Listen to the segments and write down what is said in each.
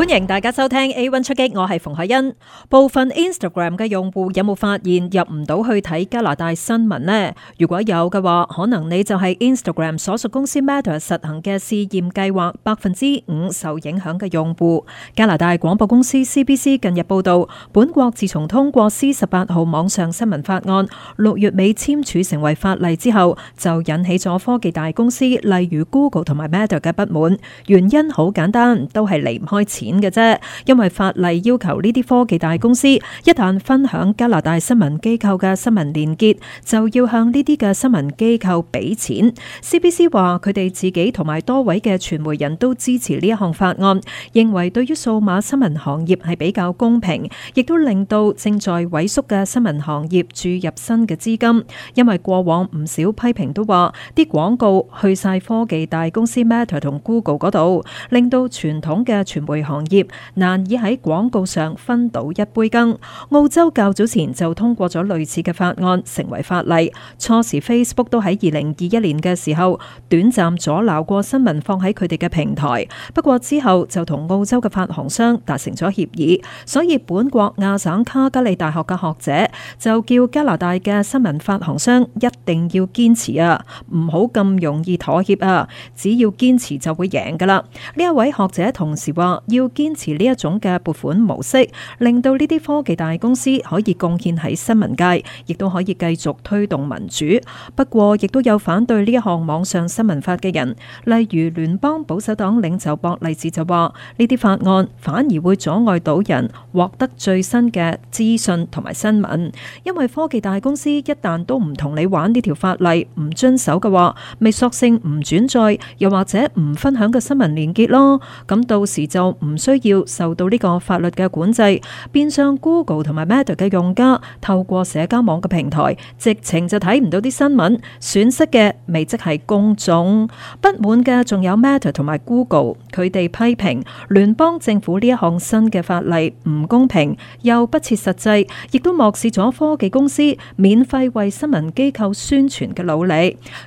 歡迎大家收聽 A1 出擊，我係馮凱欣。部分 Instagram 嘅用戶有冇發現入唔到去睇加拿大新聞呢？如果有嘅話，可能你就係 Instagram 所屬公司 Meta 實行嘅試驗計劃百分之五受影響嘅用戶。加拿大廣播公司 CBC 近日報道，本國自從通過 C 十八號網上新聞法案六月尾簽署成為法例之後，就引起咗科技大公司例如 Google 同埋 Meta 嘅不滿。原因好簡單，都係離唔開錢。嘅啫，因為法例要求呢啲科技大公司一旦分享加拿大新聞機構嘅新聞連結，就要向呢啲嘅新聞機構俾錢。CBC 話佢哋自己同埋多位嘅傳媒人都支持呢一項法案，認為對於數碼新聞行業係比較公平，亦都令到正在萎縮嘅新聞行業注入新嘅資金。因為過往唔少批評都話啲廣告去晒科技大公司 Meta 同 Google 嗰度，令到傳統嘅傳媒行。業難以喺廣告上分到一杯羹。澳洲較早前就通過咗類似嘅法案成為法例。初時 Facebook 都喺二零二一年嘅時候短暫阻撓過新聞放喺佢哋嘅平台，不過之後就同澳洲嘅發行商達成咗協議。所以本國亞省卡加利大學嘅學者就叫加拿大嘅新聞發行商一定要堅持啊，唔好咁容易妥協啊，只要堅持就會贏噶啦。呢一位學者同時話要。堅持呢一種嘅撥款模式，令到呢啲科技大公司可以貢獻喺新聞界，亦都可以繼續推動民主。不過，亦都有反對呢一項網上新聞法嘅人，例如聯邦保守黨領袖博勵治就話：呢啲法案反而會阻礙到人獲得最新嘅資訊同埋新聞，因為科技大公司一旦都唔同你玩呢條法例，唔遵守嘅話，咪索性唔轉載，又或者唔分享嘅新聞連結咯。咁到時就唔。唔需要受到呢個法律嘅管制，變相 Google 同埋 Meta 嘅用家透過社交網嘅平台，直情就睇唔到啲新聞，損失嘅未即係公眾。不滿嘅仲有 Meta 同埋 Google，佢哋批評聯邦政府呢一項新嘅法例唔公平，又不切實際，亦都漠視咗科技公司免費為新聞機構宣傳嘅努力。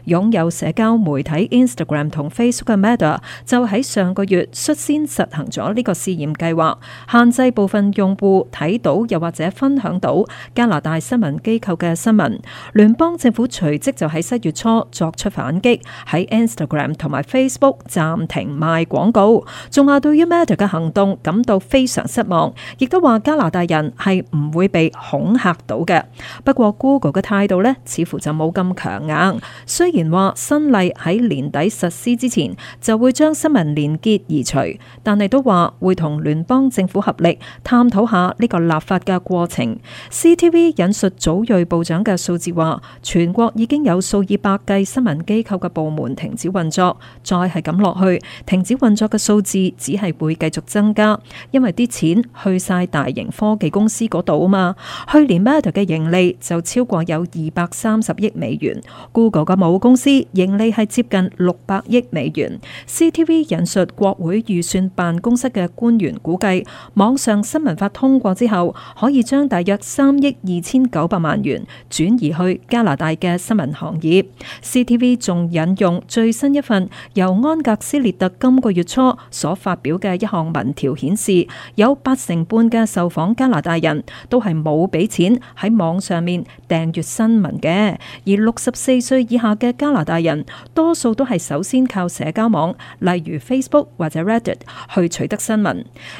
擁有社交媒體 Instagram 同 Facebook 嘅 Meta 就喺上個月率先實行咗。呢個試驗計劃限制部分用戶睇到又或者分享到加拿大新聞機構嘅新聞。聯邦政府隨即就喺七月初作出反擊，喺 Instagram 同埋 Facebook 暫停賣廣告，仲話對於 Meta 嘅行動感到非常失望，亦都話加拿大人係唔會被恐吓到嘅。不過 Google 嘅態度呢，似乎就冇咁強硬。雖然話新例喺年底實施之前就會將新聞連結移除，但係都話。會同聯邦政府合力探討下呢個立法嘅過程。CTV 引述祖瑞部長嘅數字話，全國已經有數以百計新聞機構嘅部門停止運作。再係咁落去，停止運作嘅數字只係會繼續增加，因為啲錢去晒大型科技公司嗰度啊嘛。去年 Meta 嘅盈利就超過有二百三十億美元，Google 嘅母公司盈利係接近六百億美元。CTV 引述國會預算辦公室嘅官員估計，網上新聞法通過之後，可以將大約三億二千九百萬元轉移去加拿大嘅新聞行業。CTV 仲引用最新一份由安格斯列特今個月初所發表嘅一項民調顯示，有八成半嘅受訪加拿大人都係冇俾錢喺網上面訂閱新聞嘅，而六十四歲以下嘅加拿大人，多數都係首先靠社交網，例如 Facebook 或者 Reddit 去取得新聞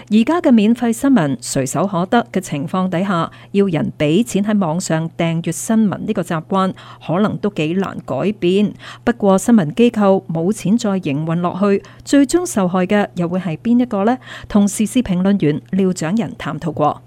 而家嘅免費新聞隨手可得嘅情況底下，要人俾錢喺網上訂閱新聞呢個習慣，可能都幾難改變。不過新聞機構冇錢再營運落去，最終受害嘅又會係邊一個呢？同時事評論員廖長仁探討過，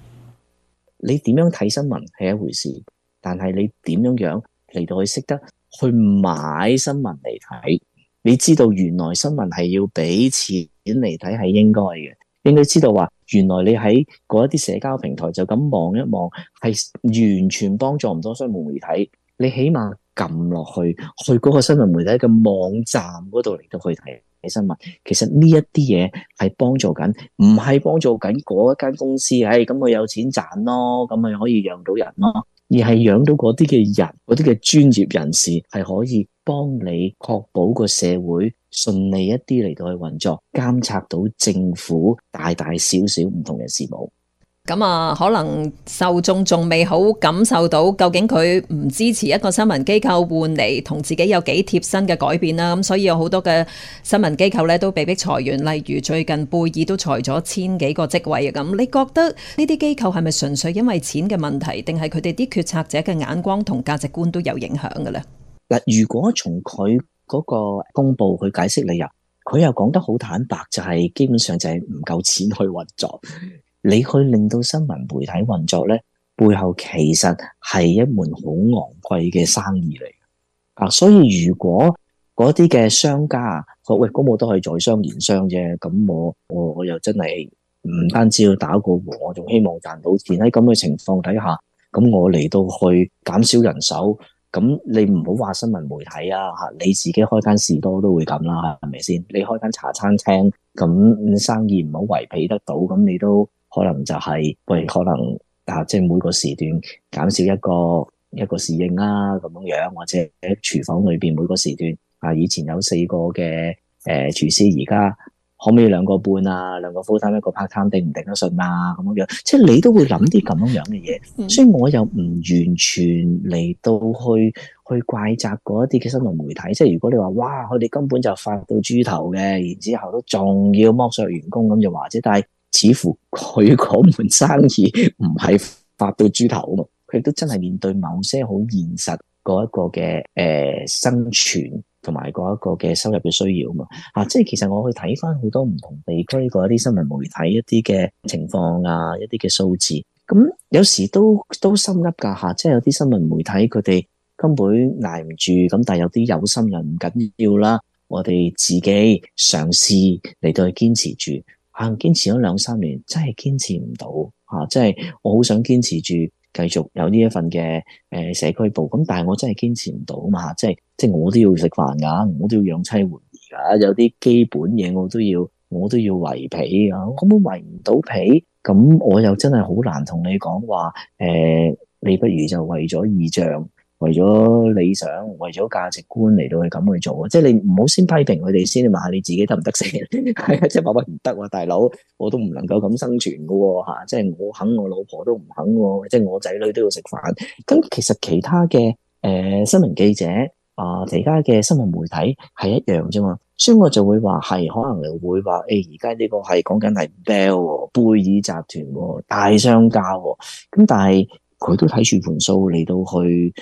你點樣睇新聞係一回事，但係你點樣樣嚟到去識得去買新聞嚟睇，你知道原來新聞係要俾錢。點嚟睇係應該嘅，應該知道話，原來你喺嗰一啲社交平台就咁望一望，係完全幫助唔到新聞媒體。你起碼撳落去，去嗰個新聞媒體嘅網站嗰度嚟到去睇睇新聞。其實呢一啲嘢係幫助緊，唔係幫助緊嗰一間公司。唉、哎，咁佢有錢賺咯，咁咪可以養到人咯。而係養到嗰啲嘅人，嗰啲嘅專業人士係可以幫你確保個社會順利一啲嚟到去運作，監察到政府大大小小唔同嘅事務。咁啊，可能受眾仲未好感受到究竟佢唔支持一個新聞機構換嚟，同自己有幾貼身嘅改變啦。咁所以有好多嘅新聞機構咧都被迫裁員，例如最近貝爾都裁咗千幾個職位啊。咁你覺得呢啲機構係咪純粹因為錢嘅問題，定係佢哋啲決策者嘅眼光同價值觀都有影響嘅咧？嗱，如果從佢嗰個公布去解釋理由，佢又講得好坦白，就係基本上就係唔夠錢去運作。你去令到新聞媒體運作咧，背後其實係一門好昂貴嘅生意嚟嘅啊！所以如果嗰啲嘅商家話喂，咁我都係在商言商啫，咁我我我又真係唔單止要打個和，我仲希望賺到錢，喺咁嘅情況底下，咁我嚟到去減少人手，咁你唔好話新聞媒體啊嚇，你自己開間士多都會咁啦，係咪先？你開間茶餐廳，咁生意唔好維避得到，咁你都～可能就係喂，可能啊，即係每個時段減少一個一個侍應啦，咁樣樣，或者喺廚房裏邊每個時段啊，以前有四個嘅誒廚師，而家可唔可以兩個半啊，兩個 full time 一個 part time，定唔定得順啊？咁樣樣，即係你都會諗啲咁樣樣嘅嘢，嗯，所以我又唔完全嚟到去去怪責嗰一啲嘅新聞媒體。即係如果你話哇，佢哋根本就發到豬頭嘅，然之後都仲要剝削員工咁就或者。但係。似乎佢嗰門生意唔係發到豬頭啊，佢都真係面對某些好現實嗰一個嘅誒生存同埋嗰一個嘅收入嘅需要啊，吓，即係其實我去睇返好多唔同地區嗰一啲新聞媒體一啲嘅情況啊，一啲嘅數字，咁有時都都心急噶吓，即係有啲新聞媒體佢哋根本捱唔住，咁但係有啲有心人唔緊要啦，我哋自己嘗試嚟到去堅持住。啊！堅持咗兩三年，真係堅持唔到啊！即係我好想堅持住繼續有呢一份嘅誒社區報，咁但係我真係堅持唔到嘛！即係即係我都要食飯㗎，我都要養妻活兒㗎。有啲基本嘢我都要，我都要圍皮。啊！我圍唔到皮。咁我又真係好難同你講話誒，你不如就為咗異象，為咗理想，為咗價值觀嚟到去咁去做，即係你唔好先批評佢哋，先問下你自己得唔得先？係 啊，即係話我唔得，大佬我都唔能夠咁生存噶吓，即係我肯，我老婆都唔肯，即係我仔女都要食飯。咁其實其他嘅，誒、呃、新聞記者啊，而家嘅新聞媒體係一樣啫嘛，所以我就會話係可能會話誒，而家呢個係講緊係貝爾貝爾集團大商家，咁但係佢都睇住盤數嚟到去。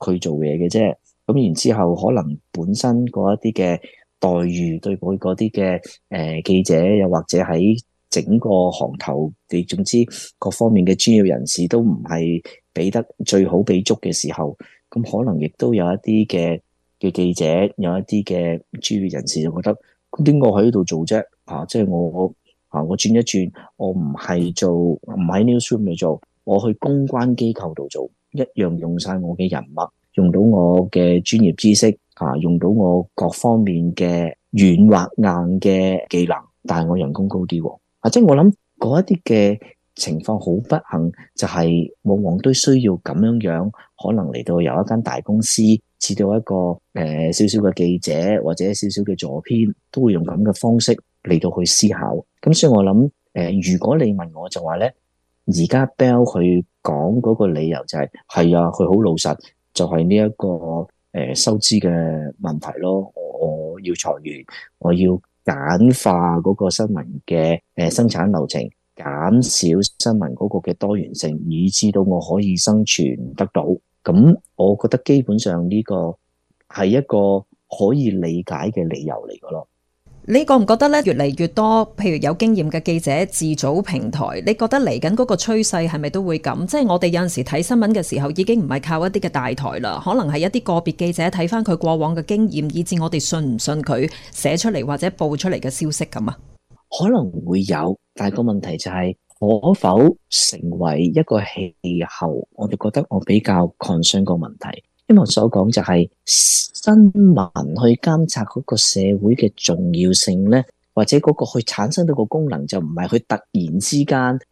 佢做嘢嘅啫，咁然之後可能本身嗰一啲嘅待遇，對佢嗰啲嘅誒記者，又或者喺整個行頭，你總之各方面嘅專業人士都唔係俾得最好，俾足嘅時候，咁可能亦都有一啲嘅嘅記者，有一啲嘅專業人士就覺得，咁點我喺度做啫？啊，即係我啊，我轉一轉，我唔係做唔喺 newsroom 嚟做，我去公關機構度做。一樣用晒我嘅人脈，用到我嘅專業知識，吓，用到我各方面嘅軟或硬嘅技能，但係我人工高啲。啊，即係我諗嗰一啲嘅情況好不幸，就係、是、往往都需要咁樣樣，可能嚟到有一間大公司，至到一個誒少少嘅記者或者少少嘅助編，都會用咁嘅方式嚟到去思考。咁所以我諗，誒、呃，如果你問我就話咧。而家 Bell 佢講嗰個理由就係、是、係啊，佢好老實，就係呢一個誒收支嘅問題咯。我我要裁員，我要簡化嗰個新聞嘅誒生產流程，減少新聞嗰個嘅多元性，以至到我可以生存得到。咁我覺得基本上呢個係一個可以理解嘅理由嚟嘅咯。你覺唔覺得咧越嚟越多，譬如有經驗嘅記者自組平台？你覺得嚟緊嗰個趨勢係咪都會咁？即係我哋有陣時睇新聞嘅時候，已經唔係靠一啲嘅大台啦，可能係一啲個別記者睇翻佢過往嘅經驗，以至我哋信唔信佢寫出嚟或者報出嚟嘅消息咁啊？可能會有，但係個問題就係、是、可否成為一個氣候？我哋覺得我比較 concern 個問題。希望所講就係新聞去監察嗰個社會嘅重要性咧，或者嗰個去產生到個功能就唔係佢突然之間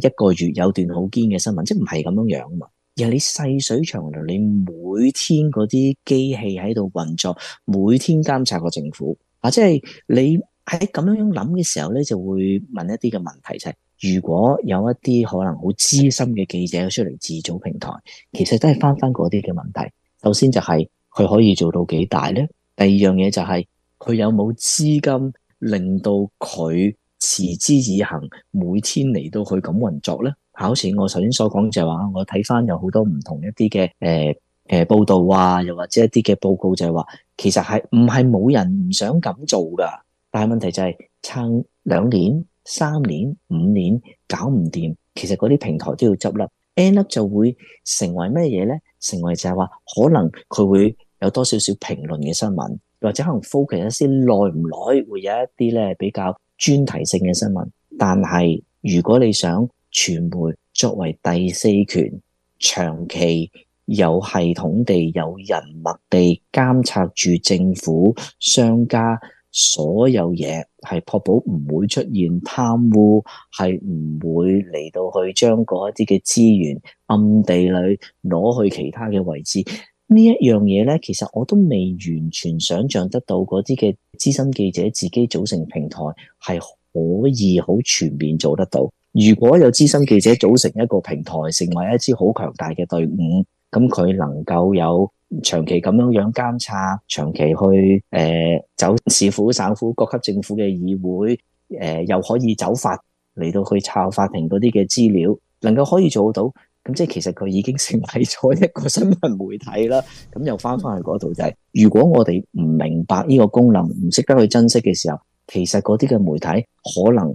誒一個月有段好堅嘅新聞，即係唔係咁樣樣啊嘛，而係你細水長流，你每天嗰啲機器喺度運作，每天監察個政府，或者係你喺咁樣樣諗嘅時候咧，就會問一啲嘅問題就係：如果有一啲可能好資深嘅記者出嚟自組平台，其實都係返返嗰啲嘅問題。首先就係佢可以做到幾大咧？第二樣嘢就係佢有冇資金令到佢持之以恆，每天嚟到去咁運作咧？好似我頭先所講就係話，我睇翻有好多唔同一啲嘅誒誒報道啊，又或者一啲嘅報告就係話，其實係唔係冇人唔想咁做噶？但係問題就係撐兩年、三年、五年搞唔掂，其實嗰啲平台都要執笠，End up 就會成為咩嘢咧？成為就係話，可能佢會有多少少評論嘅新聞，或者可能 focus 一啲耐唔耐會有一啲咧，比較專題性嘅新聞。但係如果你想傳媒作為第四權，長期有系統地、有人物地監察住政府、商家。所有嘢係確保唔會出現貪污，係唔會嚟到去將嗰一啲嘅資源暗地裏攞去其他嘅位置。呢一樣嘢咧，其實我都未完全想象得到嗰啲嘅資深記者自己組成平台係可以好全面做得到。如果有資深記者組成一個平台，成為一支好強大嘅隊伍，咁佢能夠有。長期咁樣樣監察，長期去誒、呃、走市府、省府、各級政府嘅議會，誒、呃、又可以走法嚟到去抄法庭嗰啲嘅資料，能夠可以做到，咁即係其實佢已經成立咗一個新聞媒體啦。咁又翻翻去嗰度就係，嗯、如果我哋唔明白呢個功能，唔識得去珍惜嘅時候，其實嗰啲嘅媒體可能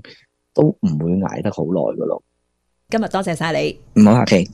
都唔會捱得好耐嘅咯。今日多謝晒你，唔好客氣。